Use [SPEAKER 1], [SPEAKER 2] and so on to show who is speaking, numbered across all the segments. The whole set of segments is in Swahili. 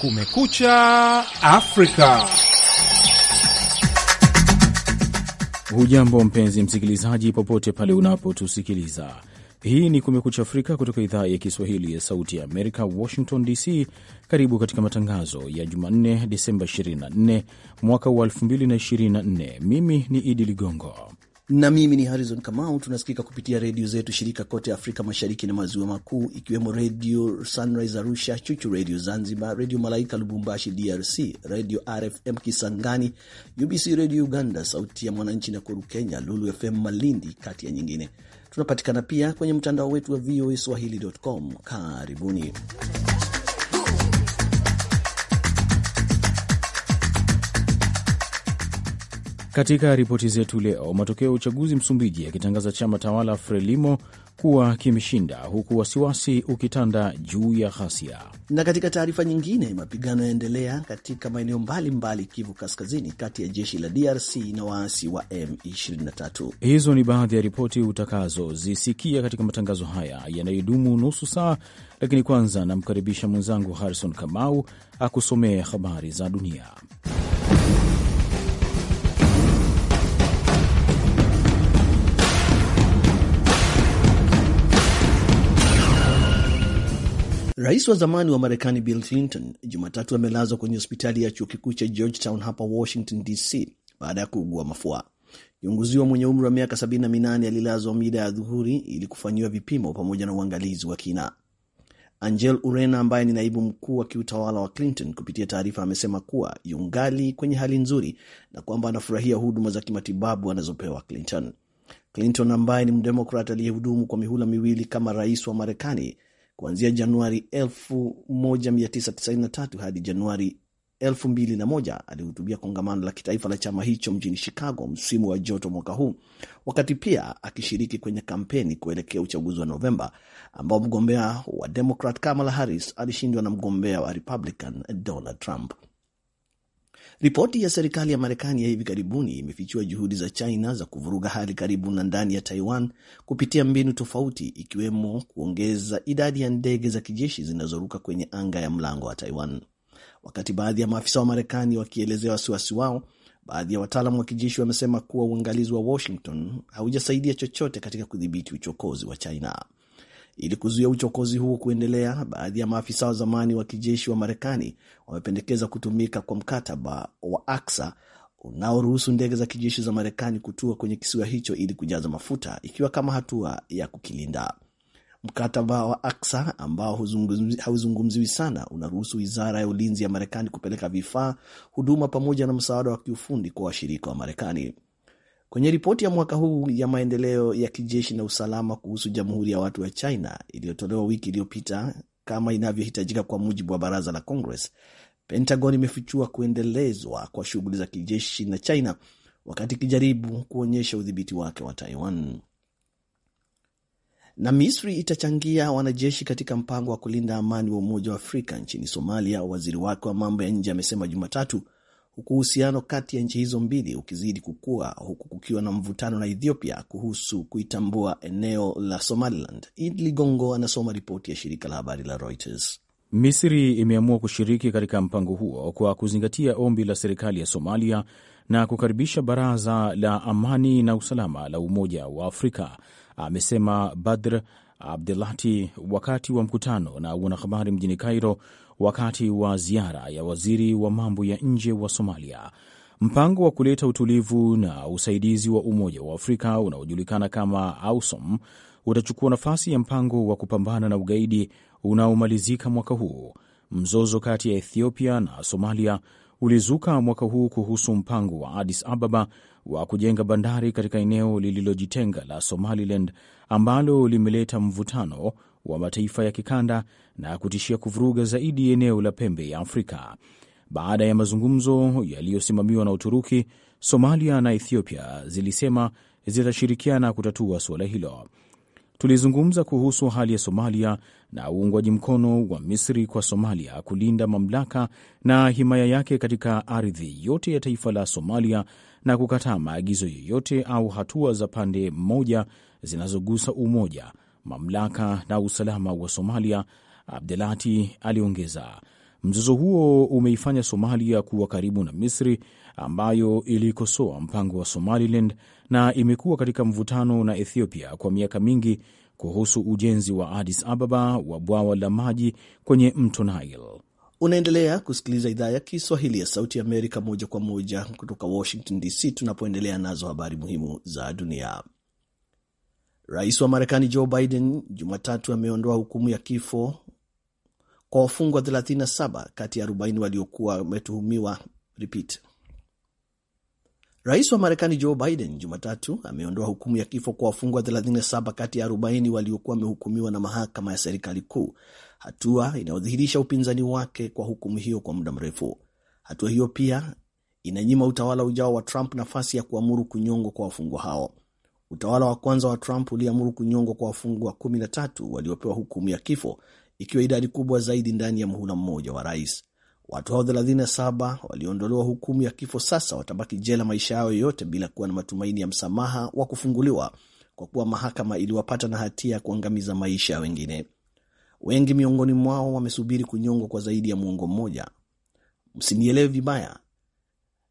[SPEAKER 1] Kumekucha Afrika.
[SPEAKER 2] Hujambo mpenzi msikilizaji, popote pale unapotusikiliza. Hii ni Kumekucha Afrika kutoka idhaa ya Kiswahili ya Sauti ya Amerika, Washington DC. Karibu katika matangazo ya Jumanne, Disemba 24 mwaka wa 2024. Mimi ni Idi Ligongo na mimi ni Harrison Kamau. Tunasikika kupitia
[SPEAKER 3] redio zetu shirika kote Afrika Mashariki na Maziwa Makuu, ikiwemo Redio Sunrise Arusha, Chuchu Redio Zanzibar, Redio Malaika Lubumbashi DRC, Redio RFM Kisangani, UBC Redio Uganda, Sauti ya Mwananchi na kuru Kenya, Lulu FM Malindi, kati ya nyingine. Tunapatikana pia kwenye mtandao wetu wa VOA Swahili.com. Karibuni.
[SPEAKER 2] Katika ripoti zetu leo, matokeo ya uchaguzi Msumbiji yakitangaza chama tawala Frelimo kuwa kimeshinda huku wasiwasi ukitanda juu ya ghasia.
[SPEAKER 3] Na katika taarifa nyingine, mapigano yaendelea katika maeneo mbalimbali Kivu Kaskazini, kati ya jeshi la DRC na waasi wa M23.
[SPEAKER 2] Hizo ni baadhi ya ripoti utakazozisikia katika matangazo haya yanayodumu nusu saa, lakini kwanza namkaribisha mwenzangu Harrison Kamau akusomee habari za dunia.
[SPEAKER 3] Rais wa zamani wa Marekani Bill Clinton Jumatatu amelazwa kwenye hospitali ya chuo kikuu cha Georgetown hapa Washington DC baada ya kuugua mafua. Kiongozi mwenye umri wa miaka 78 alilazwa mida ya dhuhuri ili kufanyiwa vipimo pamoja na uangalizi wa kina. Angel Urena ambaye ni naibu mkuu wa kiutawala wa Clinton, kupitia taarifa amesema kuwa yungali kwenye hali nzuri na kwamba anafurahia huduma za kimatibabu anazopewa Clinton. Clinton ambaye ni mdemokrat aliyehudumu kwa mihula miwili kama rais wa Marekani kuanzia Januari 1993 hadi Januari 2001 alihutubia kongamano la kitaifa la chama hicho mjini Chicago msimu wa joto mwaka huu, wakati pia akishiriki kwenye kampeni kuelekea uchaguzi wa Novemba ambao mgombea wa Democrat Kamala Harris alishindwa na mgombea wa Republican Donald Trump. Ripoti ya serikali ya Marekani ya hivi karibuni imefichua juhudi za China za kuvuruga hali karibu na ndani ya Taiwan kupitia mbinu tofauti, ikiwemo kuongeza idadi ya ndege za kijeshi zinazoruka kwenye anga ya mlango wa Taiwan. Wakati baadhi ya maafisa wa Marekani wakielezea wasiwasi wao, baadhi ya wataalam wa kijeshi wamesema kuwa uangalizi wa Washington haujasaidia chochote katika kudhibiti uchokozi wa China. Ili kuzuia uchokozi huo kuendelea, baadhi ya maafisa wa zamani wa kijeshi wa Marekani wamependekeza kutumika kwa mkataba wa Aksa unaoruhusu ndege za kijeshi za Marekani kutua kwenye kisiwa hicho ili kujaza mafuta, ikiwa kama hatua ya kukilinda. Mkataba wa Aksa ambao hauzungumziwi sana unaruhusu wizara ya ulinzi ya Marekani kupeleka vifaa, huduma pamoja na msaada wa kiufundi kwa washirika wa Marekani kwenye ripoti ya mwaka huu ya maendeleo ya kijeshi na usalama kuhusu Jamhuri ya Watu wa China iliyotolewa wiki iliyopita kama inavyohitajika kwa mujibu wa baraza la Congress, Pentagon imefichua kuendelezwa kwa shughuli za kijeshi na China wakati ikijaribu kuonyesha udhibiti wake wa Taiwan. Na Misri itachangia wanajeshi katika mpango wa kulinda amani wa Umoja wa Afrika nchini Somalia, waziri wake wa mambo ya nje amesema Jumatatu, huku uhusiano kati ya nchi hizo mbili ukizidi kukua huku kukiwa na mvutano na Ethiopia kuhusu kuitambua eneo
[SPEAKER 2] la Somaliland. Id Ligongo anasoma ripoti ya shirika la habari la Reuters. Misri imeamua kushiriki katika mpango huo kwa kuzingatia ombi la serikali ya Somalia na kukaribisha Baraza la Amani na Usalama la Umoja wa Afrika, amesema Badr Abdelati wakati wa mkutano na wanahabari mjini Cairo wakati wa ziara ya waziri wa mambo ya nje wa Somalia. Mpango wa kuleta utulivu na usaidizi wa Umoja wa Afrika unaojulikana kama AUSOM utachukua nafasi ya mpango wa kupambana na ugaidi unaomalizika mwaka huu. Mzozo kati ya Ethiopia na Somalia ulizuka mwaka huu kuhusu mpango wa Addis Ababa wa kujenga bandari katika eneo lililojitenga la Somaliland ambalo limeleta mvutano wa mataifa ya kikanda na kutishia kuvuruga zaidi eneo la pembe ya Afrika. Baada ya mazungumzo yaliyosimamiwa na Uturuki, Somalia na Ethiopia zilisema zitashirikiana kutatua suala hilo. Tulizungumza kuhusu hali ya Somalia na uungwaji mkono wa Misri kwa Somalia kulinda mamlaka na himaya yake katika ardhi yote ya taifa la Somalia na kukataa maagizo yoyote au hatua za pande moja zinazogusa umoja, mamlaka na usalama wa Somalia, Abdelati aliongeza. Mzozo huo umeifanya Somalia kuwa karibu na Misri ambayo ilikosoa mpango wa Somaliland na imekuwa katika mvutano na Ethiopia kwa miaka mingi kuhusu ujenzi wa Addis Ababa wa bwawa la maji kwenye mto Nile.
[SPEAKER 3] Unaendelea kusikiliza idhaa ya Kiswahili ya Sauti ya Amerika moja kwa moja kutoka Washington DC, tunapoendelea nazo habari muhimu za dunia. Rais wa Marekani Joe Biden Jumatatu ameondoa hukumu ya kifo kwa wafungwa 37 kati ya 40 waliokuwa wametuhumiwa. Repeat. Rais wa Marekani Joe Biden Jumatatu ameondoa hukumu ya kifo kwa wafungwa 37 kati ya 40 waliokuwa wamehukumiwa na mahakama ya serikali kuu, hatua inayodhihirisha upinzani wake kwa hukumu hiyo kwa muda mrefu. Hatua hiyo pia inanyima utawala ujao wa Trump nafasi ya kuamuru kunyongwa kwa wafungwa hao. Utawala wa kwanza wa Trump uliamuru kunyongwa kwa wafungwa 13 waliopewa hukumu ya kifo ikiwa idadi kubwa zaidi ndani ya muhula mmoja wa rais. Watu hao 37 walioondolewa hukumu ya kifo sasa watabaki jela maisha yao yote bila kuwa na matumaini ya msamaha wa kufunguliwa, kwa kuwa mahakama iliwapata na hatia ya kuangamiza maisha ya wengine. Wengi miongoni mwao wamesubiri kunyongwa kwa zaidi ya muongo mmoja. Msinielewe vibaya,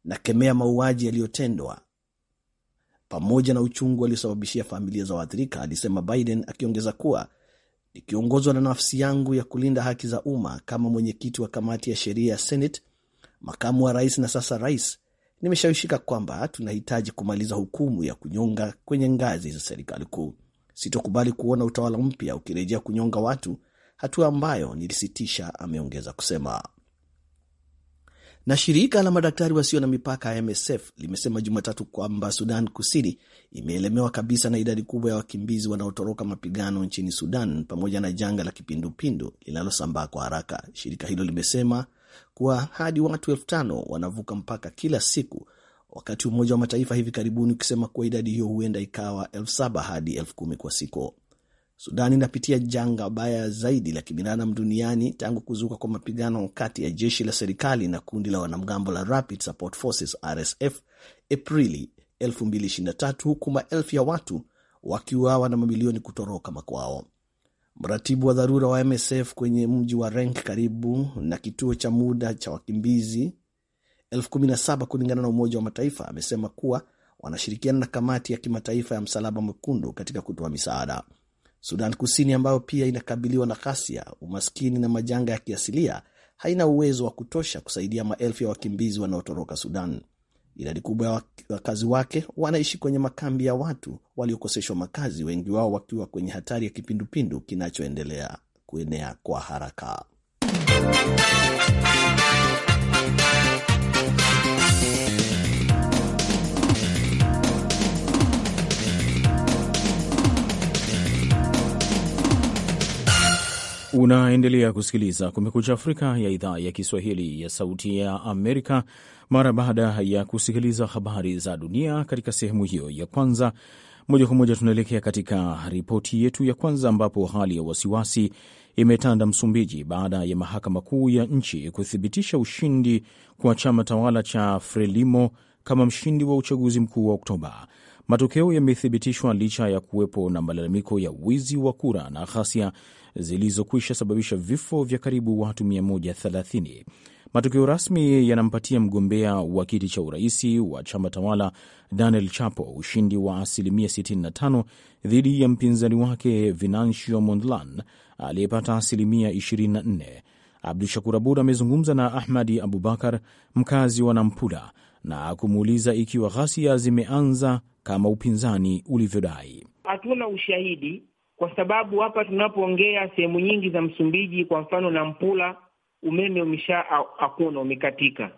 [SPEAKER 3] nakemea mauaji yaliyotendwa pamoja na uchungu waliosababishia familia za waathirika, alisema Biden, akiongeza kuwa nikiongozwa na nafsi yangu ya kulinda haki za umma kama mwenyekiti wa kamati ya sheria ya Senate, makamu wa rais na sasa rais, nimeshawishika kwamba tunahitaji kumaliza hukumu ya kunyonga kwenye ngazi za serikali kuu. Sitokubali kuona utawala mpya ukirejea kunyonga watu, hatua ambayo nilisitisha, ameongeza kusema. Na shirika la madaktari wasio na mipaka MSF limesema Jumatatu kwamba Sudan Kusini imeelemewa kabisa na idadi kubwa ya wakimbizi wanaotoroka mapigano nchini Sudan pamoja na janga la kipindupindu linalosambaa kwa haraka. Shirika hilo limesema kuwa hadi watu elfu tano wanavuka mpaka kila siku, wakati Umoja wa Mataifa hivi karibuni ukisema kuwa idadi hiyo huenda ikawa elfu saba hadi elfu kumi kwa siku. Sudan inapitia janga baya zaidi la kibinadamu duniani tangu kuzuka kwa mapigano kati ya jeshi la serikali na kundi la wanamgambo la Rapid Support Forces RSF Aprili 2023 huku maelfu ya watu wakiuawa na mamilioni kutoroka makwao. Mratibu wa dharura wa MSF kwenye mji wa Renk karibu na kituo cha muda cha wakimbizi 17 kulingana na Umoja wa Mataifa amesema kuwa wanashirikiana na kamati ya kimataifa ya Msalaba Mwekundu katika kutoa misaada. Sudan Kusini, ambayo pia inakabiliwa na ghasia, umaskini na majanga ya kiasilia, haina uwezo wa kutosha kusaidia maelfu ya wakimbizi wanaotoroka Sudan. Idadi kubwa ya wakazi wake wanaishi kwenye makambi ya watu waliokoseshwa makazi, wengi wao wakiwa kwenye hatari ya kipindupindu kinachoendelea kuenea kwa haraka.
[SPEAKER 2] Unaendelea kusikiliza Kumekucha Afrika ya idhaa ya Kiswahili ya Sauti ya Amerika. Mara baada ya kusikiliza habari za dunia katika sehemu hiyo ya kwanza, moja kwa moja tunaelekea katika ripoti yetu ya kwanza, ambapo hali ya wasiwasi imetanda Msumbiji baada ya mahakama kuu ya nchi kuthibitisha ushindi kwa chama tawala cha Frelimo kama mshindi wa uchaguzi mkuu wa Oktoba. Matokeo yamethibitishwa licha ya kuwepo na malalamiko ya wizi wa kura na ghasia zilizokwisha sababisha vifo vya karibu watu 130. Matokeo rasmi yanampatia mgombea wa kiti cha uraisi wa chama tawala Daniel Chapo ushindi wa asilimia 65 dhidi ya mpinzani wake Vinancio Mondlan aliyepata asilimia 24. Abdu Shakur Abud amezungumza na Ahmadi Abubakar, mkazi wa Nampula, na kumuuliza ikiwa ghasia zimeanza kama upinzani ulivyodai.
[SPEAKER 4] Hatuna ushahidi kwa sababu hapa tunapoongea sehemu nyingi za Msumbiji, kwa mfano Nampula, umeme umesha hakuna, umekatika.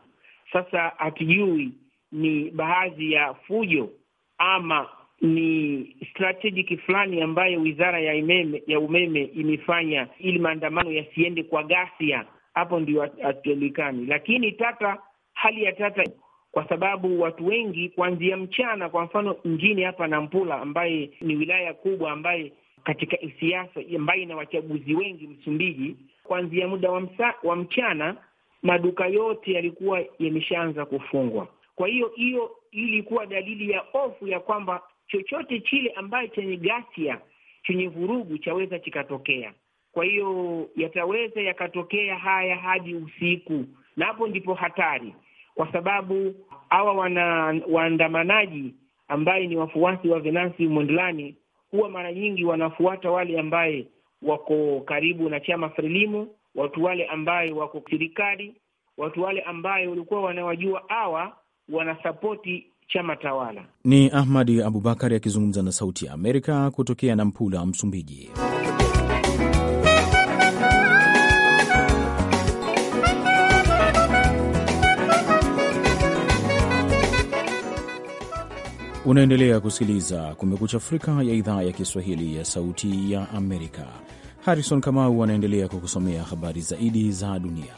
[SPEAKER 4] Sasa hatujui ni baadhi ya fujo ama ni strategic fulani ambayo wizara ya umeme ya umeme imefanya ili maandamano yasiende kwa ghasia. Hapo ndio hatujulikani, lakini tata, hali ya tata, kwa sababu watu wengi kuanzia mchana, kwa mfano mjini hapa Nampula, ambaye ni wilaya kubwa ambaye katika siasa ambayo ina wachaguzi wengi Msumbiji, kuanzia muda wa, msa, wa mchana maduka yote yalikuwa yameshaanza kufungwa. Kwa hiyo hiyo ilikuwa dalili ya ofu ya kwamba chochote chile ambayo chenye ghasia chenye vurugu chaweza kikatokea. Kwa hiyo yataweza yakatokea haya hadi usiku, na hapo ndipo hatari, kwa sababu hawa wana waandamanaji ambaye ni wafuasi wa Venansi Mondlane huwa mara nyingi wanafuata wale ambaye wako karibu na chama Frelimo, watu wale ambaye wako serikali, watu wale ambaye walikuwa wanawajua hawa wanasapoti chama tawala.
[SPEAKER 2] Ni Ahmadi Abubakari akizungumza na Sauti ya Amerika kutokea Nampula, Msumbiji. Unaendelea kusikiliza Kumekucha Afrika ya idhaa ya Kiswahili ya Sauti ya Amerika. Harrison Kamau anaendelea kukusomea habari zaidi za dunia.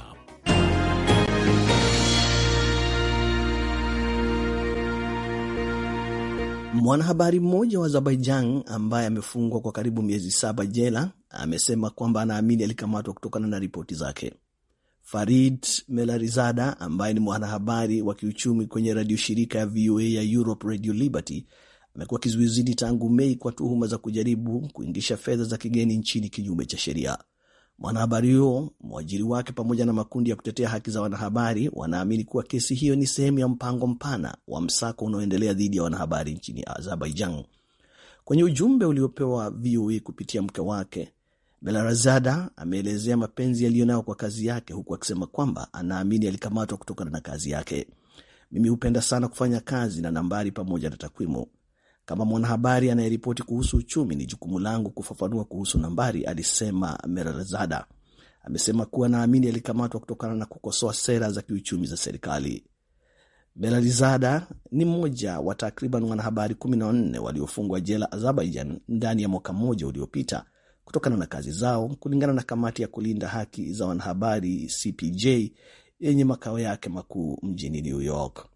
[SPEAKER 3] Mwanahabari mmoja wa Azerbaijan ambaye amefungwa kwa karibu miezi saba jela amesema kwamba anaamini alikamatwa kutokana na ripoti zake. Farid Melarizada ambaye ni mwanahabari wa kiuchumi kwenye radio shirika ya VOA ya Europe Radio Liberty amekuwa kizuizini tangu Mei kwa tuhuma za kujaribu kuingisha fedha za kigeni nchini kinyume cha sheria. Mwanahabari huo, mwajiri wake pamoja na makundi ya kutetea haki za wanahabari wanaamini kuwa kesi hiyo ni sehemu ya mpango mpana wa msako unaoendelea dhidi ya wanahabari nchini Azerbaijan. Kwenye ujumbe uliopewa VOA kupitia mke wake Belarazada ameelezea mapenzi yaliyonayo kwa kazi yake huku akisema kwamba anaamini alikamatwa kutokana na kazi yake. Mimi hupenda sana kufanya kazi na nambari pamoja na takwimu. Kama mwanahabari anayeripoti kuhusu uchumi, ni jukumu langu kufafanua kuhusu nambari, alisema Merarazada. Amesema kuwa naamini alikamatwa kutokana na kukosoa sera za kiuchumi za serikali. Belarizada ni mmoja wa takriban wanahabari kumi na wanne waliofungwa jela Azerbaijan ndani ya mwaka mmoja uliopita kutokana na kazi zao, kulingana na kamati ya kulinda haki za wanahabari CPJ yenye makao yake makuu mjini New York.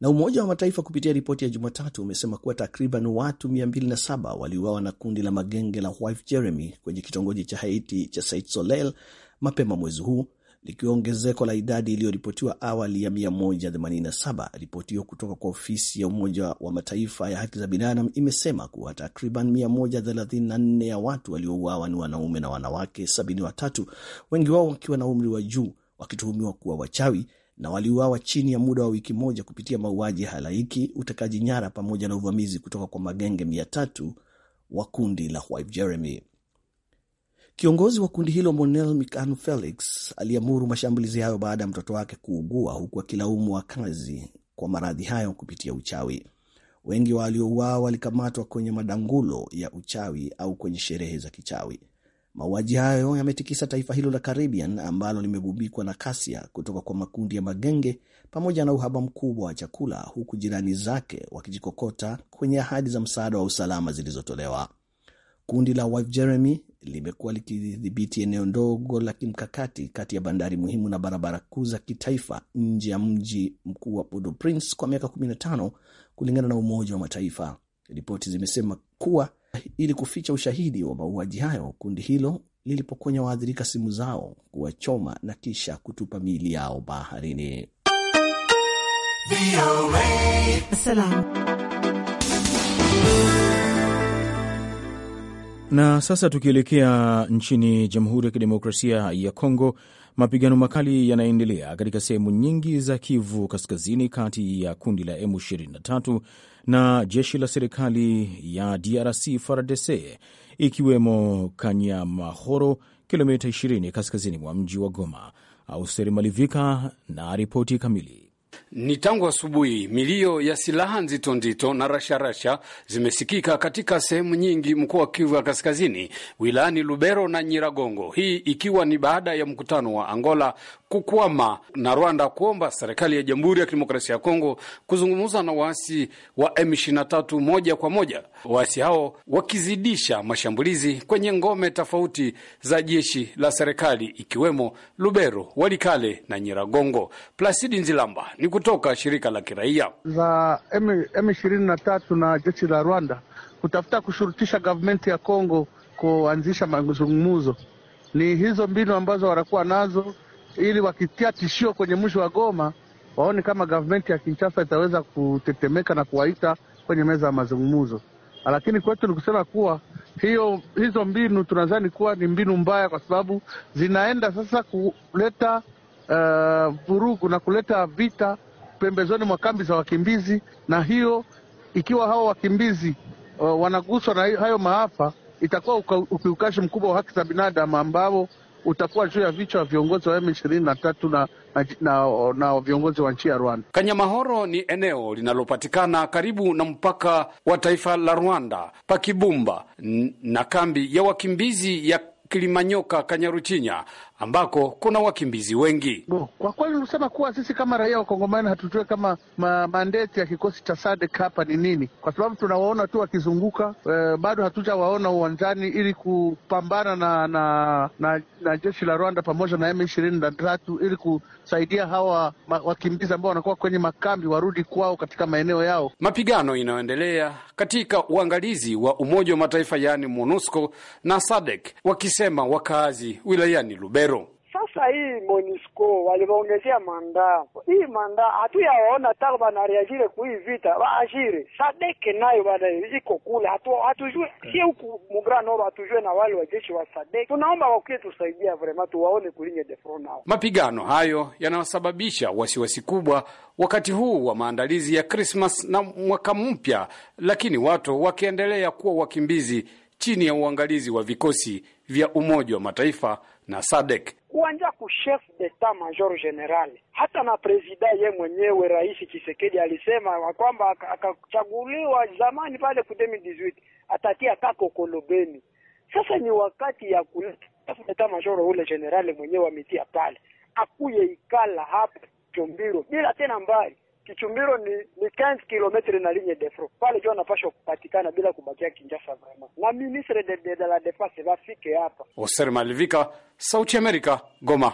[SPEAKER 3] Na Umoja wa Mataifa kupitia ripoti ya Jumatatu umesema kuwa takriban watu 207 waliuawa na kundi la magenge la Wife Jeremy kwenye kitongoji cha Haiti cha Sait Soleil mapema mwezi huu likiwa ongezeko la idadi iliyoripotiwa awali ya 187. Ripoti hiyo kutoka kwa ofisi ya Umoja wa Mataifa ya haki za binadamu imesema kuwa takriban 134 ya watu waliouawa ni wanaume na wanawake 73, wengi wao wakiwa na umri wa juu, wakituhumiwa kuwa wachawi na waliuawa chini ya muda wa wiki moja kupitia mauaji halaiki, utekaji nyara, pamoja na uvamizi kutoka kwa magenge 300 wa kundi la Wipe Jeremy. Kiongozi wa kundi hilo Monel Mikanu Felix aliamuru mashambulizi hayo baada ya mtoto wake kuugua, huku akilaumu wakazi kwa maradhi hayo kupitia uchawi. Wengi waliouawa walikamatwa kwenye madangulo ya uchawi au kwenye sherehe za kichawi. Mauaji hayo yametikisa taifa hilo la Caribbean ambalo limegubikwa na kasia kutoka kwa makundi ya magenge pamoja na uhaba mkubwa wa chakula, huku jirani zake wakijikokota kwenye ahadi za msaada wa usalama zilizotolewa. Kundi la Wife Jeremy limekuwa likidhibiti eneo ndogo la kimkakati kati ya bandari muhimu na barabara kuu za kitaifa nje ya mji mkuu wa Port-au-Prince kwa miaka 15 kulingana na Umoja wa Mataifa. Ripoti zimesema kuwa ili kuficha ushahidi wa mauaji hayo, kundi hilo lilipokonya waathirika simu zao, kuwachoma na kisha kutupa miili yao baharini.
[SPEAKER 5] Salam.
[SPEAKER 2] Na sasa tukielekea nchini Jamhuri ya Kidemokrasia ya Kongo, mapigano makali yanaendelea katika sehemu nyingi za Kivu Kaskazini kati ya kundi la M23 na jeshi la serikali ya DRC FARDC, ikiwemo Kanyamahoro, kilomita 20 kaskazini mwa mji wa Goma. auseri Malivika na ripoti kamili.
[SPEAKER 6] Ni tangu asubuhi milio ya silaha nzito nzito na rasharasha rasha zimesikika katika sehemu nyingi mkoa wa Kivu ya Kaskazini, wilayani Lubero na Nyiragongo, hii ikiwa ni baada ya mkutano wa Angola kukwama na Rwanda kuomba serikali ya Jamhuri ya Kidemokrasia ya Kongo kuzungumza na waasi wa M23 moja kwa moja, waasi hao wakizidisha mashambulizi kwenye ngome tofauti za jeshi la serikali ikiwemo Lubero, Walikale na Nyiragongo. Plasidi Nzilamba ni kutoka shirika la kiraia
[SPEAKER 7] za M23 na jeshi la Rwanda kutafuta kushurutisha gavumenti ya Kongo kuanzisha mazungumzo. Ni hizo mbinu ambazo wanakuwa nazo ili wakitia tishio kwenye mwisho wa Goma waone kama gavumenti ya Kinshasa itaweza kutetemeka na kuwaita kwenye meza ya mazungumzo. Lakini kwetu ni kusema kuwa hiyo hizo mbinu tunadhani kuwa ni mbinu mbaya, kwa sababu zinaenda sasa kuleta eh, vurugu uh, na kuleta vita pembezoni mwa kambi za wakimbizi, na hiyo ikiwa hao wakimbizi uh, wanaguswa na hayo maafa itakuwa ukiukashi mkubwa wa haki za binadamu ambao utakuwa juu ya vichwa vya viongozi wa M23 na, na, na, na viongozi wa nchi ya Rwanda.
[SPEAKER 6] Kanyamahoro ni eneo linalopatikana karibu na mpaka wa taifa la Rwanda Pakibumba na kambi ya wakimbizi ya Kilimanyoka Kanyaruchinya ambako kuna wakimbizi wengi.
[SPEAKER 7] Kwa kweli unasema kuwa sisi kama raia wa Kongomani hatujue kama ma mandeti ya kikosi cha SADC hapa ni nini, kwa sababu tunawaona tu wakizunguka e, bado hatujawaona uwanjani ili kupambana na na, na na jeshi la Rwanda pamoja na M ishirini na tatu ili kusaidia hawa ma, wakimbizi ambao wanakuwa kwenye makambi warudi kwao katika maeneo yao.
[SPEAKER 6] Mapigano inayoendelea katika uangalizi wa Umoja wa Mataifa yaani MONUSCO na SADC wakisema wakaazi wilayani Lubero
[SPEAKER 4] sasa hii Monisco walivaongezea mandaa, hii mandaa hatuyaona taka banareagire kuhii vita waajire Sadeke nayo bana iko kule, hatujue hatu sie huku mugrana hatujue na wale wajeshi wa Sadeke. Tunaomba wakie tusaidia vrema, tuwaone kulinye defro nao.
[SPEAKER 6] Mapigano hayo yanasababisha wasiwasi kubwa wakati huu wa maandalizi ya Christmas na mwaka mpya, lakini watu wakiendelea kuwa wakimbizi chini ya uangalizi wa vikosi vya Umoja wa Mataifa na SADC
[SPEAKER 4] kuanja ku chef d'etat major general. Hata na presida ye mwenyewe Rais chisekedi alisema kwamba akachaguliwa zamani pale ku 2018 atatia kako kolobeni. Sasa ni wakati ya kuleta chef d'etat major ule general mwenyewe ametia pale, akuye ikala hapa Chombiro bila tena mbali Kichumbiro ni ni 15 kilometri na ligne de front pale, jua anapaswa kupatikana bila kubakia Kinshasa vrema, na ministre de, de, de la defense bafike hapa.
[SPEAKER 6] Oser Malivika, Sauti America, Goma.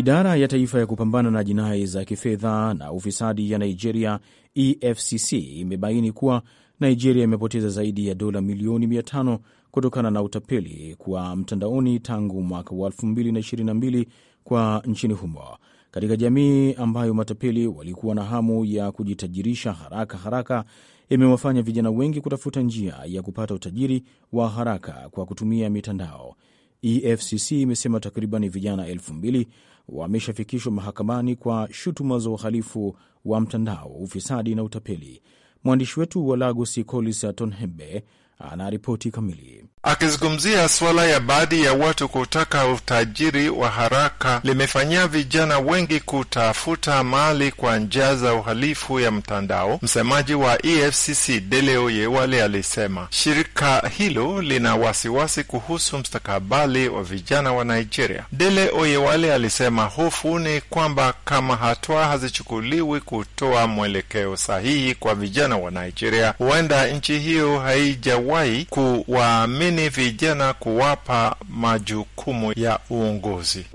[SPEAKER 2] Idara ya Taifa ya Kupambana na Jinai za Kifedha na Ufisadi ya Nigeria, EFCC, imebaini kuwa Nigeria imepoteza zaidi ya dola milioni 500 kutokana na utapeli kwa mtandaoni tangu mwaka wa 2022 kwa nchini humo. Katika jamii ambayo matapeli walikuwa na hamu ya kujitajirisha haraka haraka, imewafanya vijana wengi kutafuta njia ya kupata utajiri wa haraka kwa kutumia mitandao. EFCC imesema takribani vijana elfu mbili wameshafikishwa mahakamani kwa shutuma za uhalifu wa mtandao, ufisadi na utapeli. Mwandishi wetu wa Lagos, Collins Atonhembe, ripoti kamili.
[SPEAKER 8] Akizungumzia suala ya baadhi ya watu kutaka utajiri wa haraka limefanyia vijana wengi kutafuta mali kwa njia za uhalifu ya mtandao, msemaji wa EFCC Dele Oyewale alisema shirika hilo lina wasiwasi kuhusu mstakabali wa vijana wa Nigeria. Dele Oyewale alisema hofu ni kwamba kama hatua hazichukuliwi kutoa mwelekeo sahihi kwa vijana wa Nigeria, huenda nchi hiyo haija hawajawahi kuwaamini vijana kuwapa majukumu ya uongozi.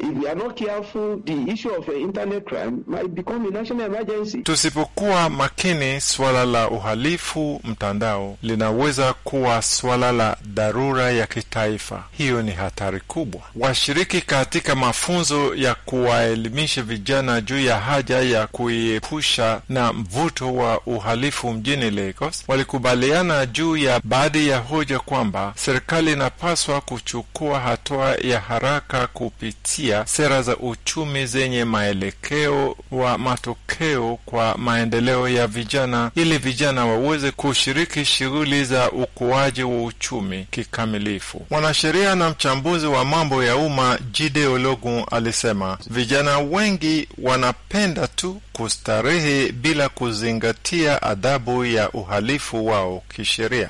[SPEAKER 8] Tusipokuwa makini, swala la uhalifu mtandao linaweza kuwa swala la dharura ya kitaifa. Hiyo ni hatari kubwa. Washiriki katika mafunzo ya kuwaelimisha vijana juu ya haja ya kuiepusha na mvuto wa uhalifu mjini Lagos walikubaliana juu ya baadhi ya hoja kwamba serikali inapaswa kuchukua hatua ya haraka kupitia sera za uchumi zenye maelekeo wa matokeo kwa maendeleo ya vijana ili vijana waweze kushiriki shughuli za ukuaji wa uchumi kikamilifu. Mwanasheria na mchambuzi wa mambo ya umma Jide Ologu alisema vijana wengi wanapenda tu kustarehe bila kuzingatia adhabu ya uhalifu wao kisheria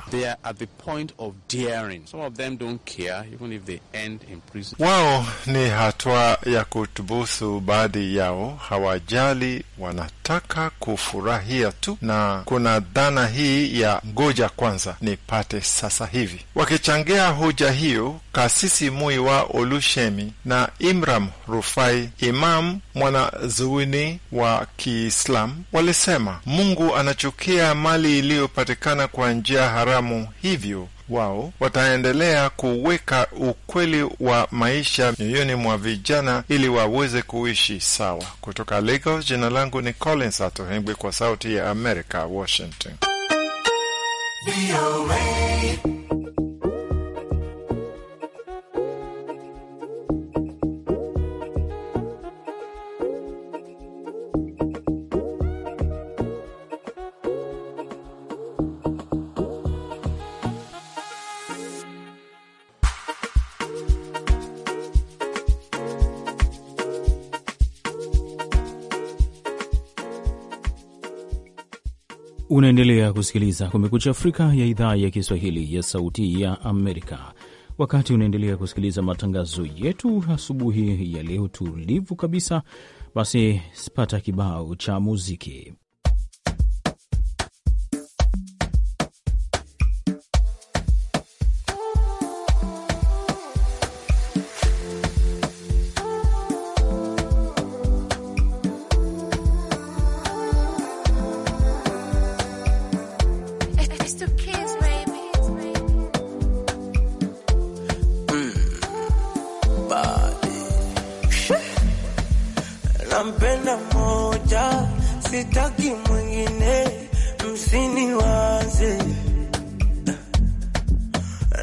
[SPEAKER 6] the point of daring. Some of them don't care even if they end in
[SPEAKER 8] prison. Wao ni hatua ya kutubusu, baadhi yao hawajali, wanataka kufurahia tu, na kuna dhana hii ya ngoja kwanza nipate sasa hivi. Wakichangia hoja hiyo, Kasisi mui wa Olushemi na Imram Rufai, imam mwanazuini wa Kiislamu, walisema Mungu anachukia mali iliyopatikana kwa njia haramu hivyo wao wataendelea kuweka ukweli wa maisha mioyoni mwa vijana ili waweze kuishi sawa. Kutoka Lagos, jina langu ni Collins Atohengwi kwa Sauti ya america Washington.
[SPEAKER 2] Unaendelea kusikiliza Kumekucha Afrika ya idhaa ya Kiswahili ya Sauti ya Amerika. Wakati unaendelea kusikiliza matangazo yetu asubuhi ya leo tulivu kabisa, basi pata kibao cha muziki.
[SPEAKER 5] tampenda moja, sitaki mwingine, msiniwaze.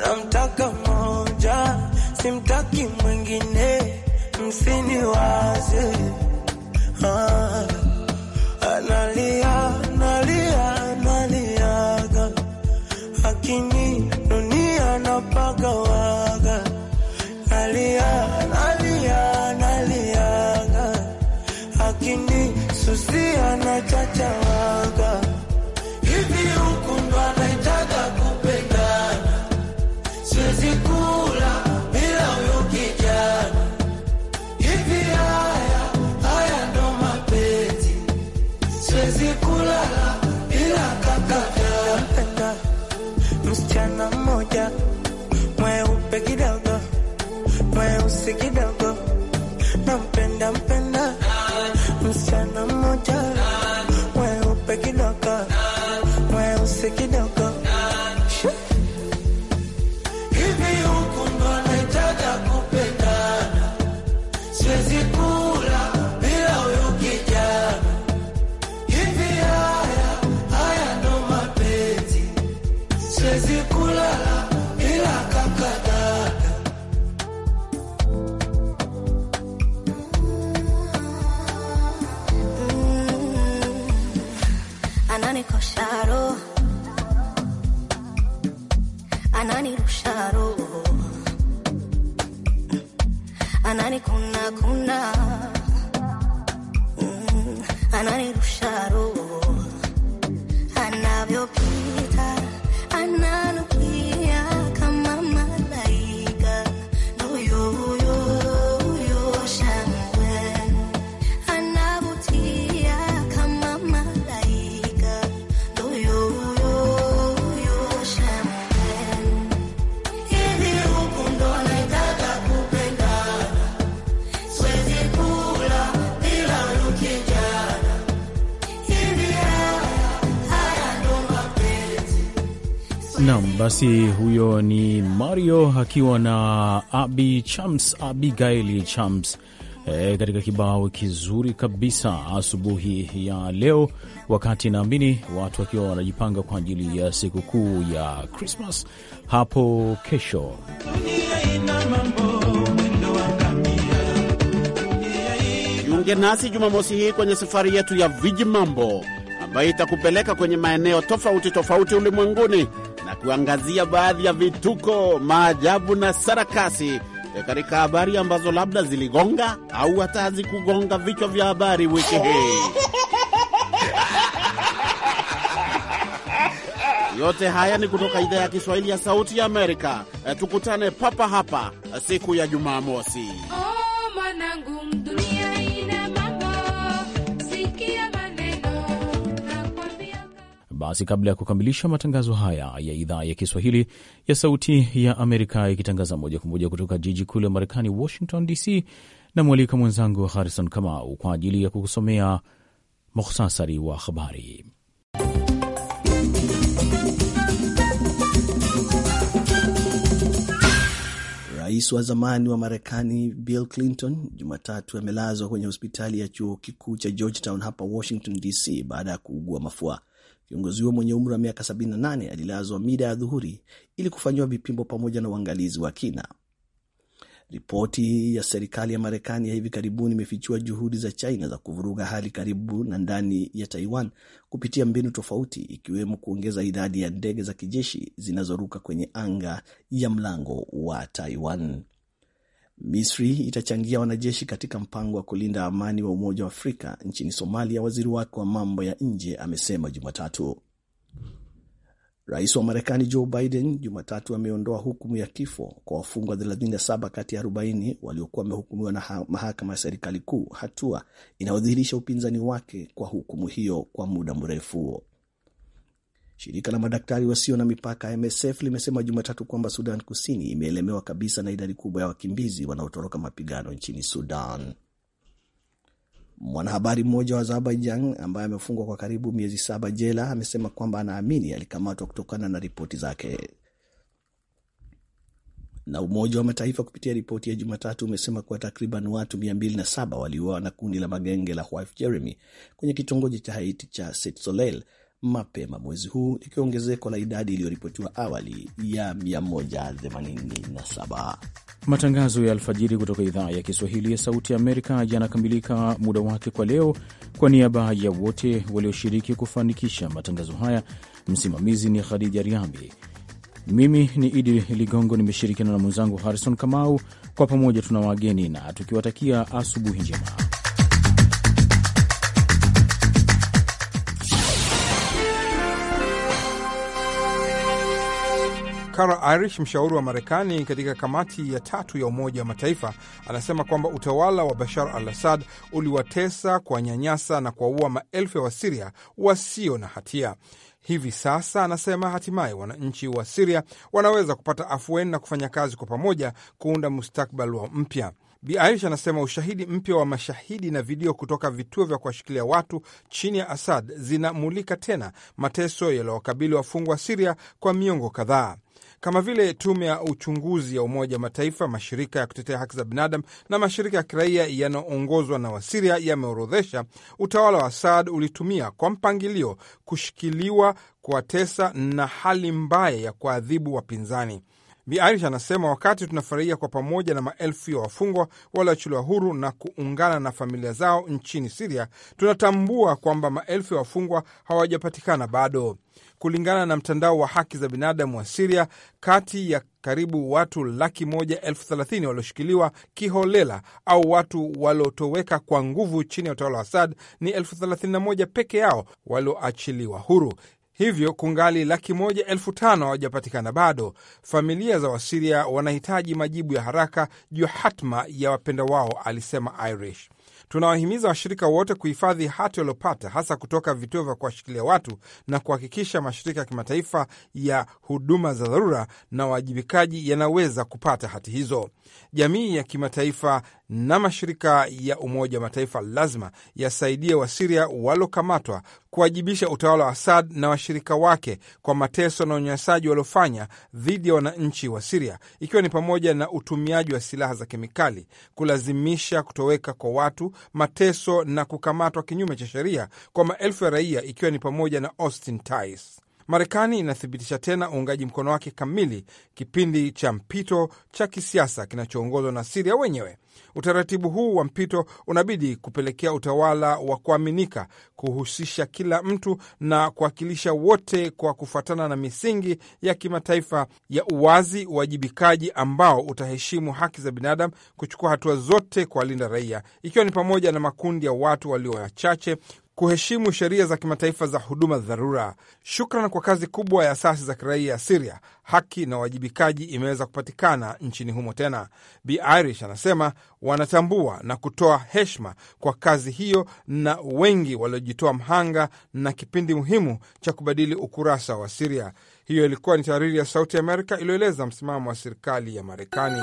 [SPEAKER 5] Namtaka moja, simtaki mwingine, msiniwaze. Ah, analia, analia. wanachachawaga hivi huku ndo anaitaga kupendana, Msichana mmoja mweupe kidogo, mweusi kidogo
[SPEAKER 2] Basi huyo ni Mario akiwa na Abi Chams, Gaili Chams e, katika kibao kizuri kabisa asubuhi ya leo, wakati naamini watu wakiwa wanajipanga kwa ajili ya sikukuu ya Krismas hapo kesho. Jiunge nasi Jumamosi hii kwenye safari yetu ya viji mambo ambayo itakupeleka kwenye maeneo tofauti tofauti ulimwenguni na kuangazia baadhi ya vituko, maajabu na sarakasi e, katika habari ambazo labda ziligonga au hata hazikugonga vichwa vya habari wiki hii. Yote haya ni kutoka idhaa ya Kiswahili ya Sauti ya Amerika. E, tukutane papa hapa siku ya Jumamosi.
[SPEAKER 5] Oh,
[SPEAKER 2] Basi kabla ya kukamilisha matangazo haya ya idhaa ya Kiswahili ya Sauti ya Amerika ikitangaza moja kwa moja kutoka jiji kuu la Marekani, Washington DC, namwalika mwenzangu Harrison Kamau kwa ajili ya kukusomea muhtasari wa habari.
[SPEAKER 3] Rais wa zamani wa Marekani Bill Clinton Jumatatu amelazwa kwenye hospitali ya chuo kikuu cha Georgetown hapa Washington DC baada ya kuugua mafua. Kiongozi huyo mwenye umri wa miaka 78 alilazwa mida ya dhuhuri ili kufanyiwa vipimbo pamoja na uangalizi wa kina. Ripoti ya serikali ya Marekani ya hivi karibuni imefichua juhudi za China za kuvuruga hali karibu na ndani ya Taiwan kupitia mbinu tofauti, ikiwemo kuongeza idadi ya ndege za kijeshi zinazoruka kwenye anga ya mlango wa Taiwan. Misri itachangia wanajeshi katika mpango wa kulinda amani wa Umoja wa Afrika nchini Somalia, waziri wake wa mambo ya nje amesema Jumatatu. Rais wa Marekani Joe Biden Jumatatu ameondoa hukumu ya kifo kwa wafungwa 37 kati ya 40 waliokuwa wamehukumiwa na mahakama ya serikali kuu, hatua inayodhihirisha upinzani wake kwa hukumu hiyo kwa muda mrefu. Shirika la madaktari wasio na mipaka MSF limesema Jumatatu kwamba Sudan Kusini imeelemewa kabisa na idadi kubwa ya wakimbizi wanaotoroka mapigano nchini Sudan. Mwanahabari mmoja wa Azerbaijan ambaye amefungwa kwa karibu miezi saba jela amesema kwamba anaamini alikamatwa kutokana na ripoti zake, na Umoja wa Mataifa kupitia ripoti ya Jumatatu umesema kuwa takriban watu 207 waliuawa na kundi la magenge la Wife Jeremy kwenye kitongoji cha Haiti cha Set Soleil mapema mwezi huu, ikiwa ongezeko la idadi iliyoripotiwa awali ya 187.
[SPEAKER 2] Matangazo ya alfajiri kutoka idhaa ya Kiswahili ya Sauti ya Amerika yanakamilika muda wake kwa leo. Kwa niaba ya wote walioshiriki kufanikisha matangazo haya, msimamizi ni Khadija Riami. Mimi ni Idi Ligongo, nimeshirikiana na mwenzangu Harrison Kamau. Kwa pamoja tuna wageni na tukiwatakia asubuhi njema.
[SPEAKER 1] Kara Irish, mshauri wa Marekani katika kamati ya tatu ya Umoja wa Mataifa, anasema kwamba utawala wa Bashar al Assad uliwatesa, kuwanyanyasa na kuwaua maelfu ya Wasiria wasio na hatia. Hivi sasa, anasema hatimaye wananchi wa Siria wanaweza kupata afueni na kufanya kazi kwa pamoja kuunda mustakbal wao mpya. Bi anasema ushahidi mpya wa mashahidi na video kutoka vituo vya kuwashikilia watu chini ya Asad zinamulika tena mateso yaliyowakabili wafungwa wa Siria kwa miongo kadhaa kama vile tume ya uchunguzi ya Umoja wa Mataifa, mashirika ya kutetea haki za binadamu na mashirika ya kiraia yanayoongozwa na Wasiria yameorodhesha utawala wa Assad ulitumia kwa mpangilio kushikiliwa, kuwatesa na hali mbaya ya kuadhibu wapinzani. Bi anasema wakati tunafurahia kwa pamoja na maelfu ya wafungwa walioachiliwa huru na kuungana na familia zao nchini Siria, tunatambua kwamba maelfu ya wafungwa hawajapatikana bado. Kulingana na mtandao wa haki za binadamu wa Siria, kati ya karibu watu laki moja elfu thelathini walioshikiliwa kiholela au watu waliotoweka kwa nguvu chini ya utawala wa Asad, ni elfu thelathini na moja peke yao walioachiliwa huru, hivyo kungali laki moja elfu tano hawajapatikana bado. Familia za Wasiria wanahitaji majibu ya haraka juu ya hatma ya wapenda wao, alisema Irish. Tunawahimiza washirika wote kuhifadhi hati waliopata hasa kutoka vituo vya kuwashikilia watu na kuhakikisha mashirika ya kimataifa ya huduma za dharura na wajibikaji yanaweza kupata hati hizo. Jamii ya kimataifa na mashirika ya Umoja wa Mataifa lazima yasaidie Wasiria waliokamatwa kuwajibisha utawala wa Asad na washirika wake kwa mateso na unyanyasaji waliofanya dhidi ya wananchi wa Siria, ikiwa ni pamoja na utumiaji wa silaha za kemikali, kulazimisha kutoweka kwa watu, mateso na kukamatwa kinyume cha sheria kwa maelfu ya raia, ikiwa ni pamoja na Austin Tais. Marekani inathibitisha tena uungaji mkono wake kamili kipindi cha mpito cha kisiasa kinachoongozwa na Siria wenyewe. Utaratibu huu wa mpito unabidi kupelekea utawala wa kuaminika, kuhusisha kila mtu na kuwakilisha wote kwa kufuatana na misingi ya kimataifa ya uwazi, uwajibikaji ambao utaheshimu haki za binadamu, kuchukua hatua zote kuwalinda raia, ikiwa ni pamoja na makundi ya watu walio wachache kuheshimu sheria za kimataifa za huduma za dharura. Shukran kwa kazi kubwa ya asasi za kiraia ya Siria, haki na uwajibikaji imeweza kupatikana nchini humo tena. Bi Irish anasema wanatambua na kutoa heshima kwa kazi hiyo na wengi waliojitoa mhanga na kipindi muhimu cha kubadili ukurasa wa Siria. Hiyo ilikuwa ni tahariri ya Sauti Amerika iliyoeleza msimamo wa serikali ya Marekani.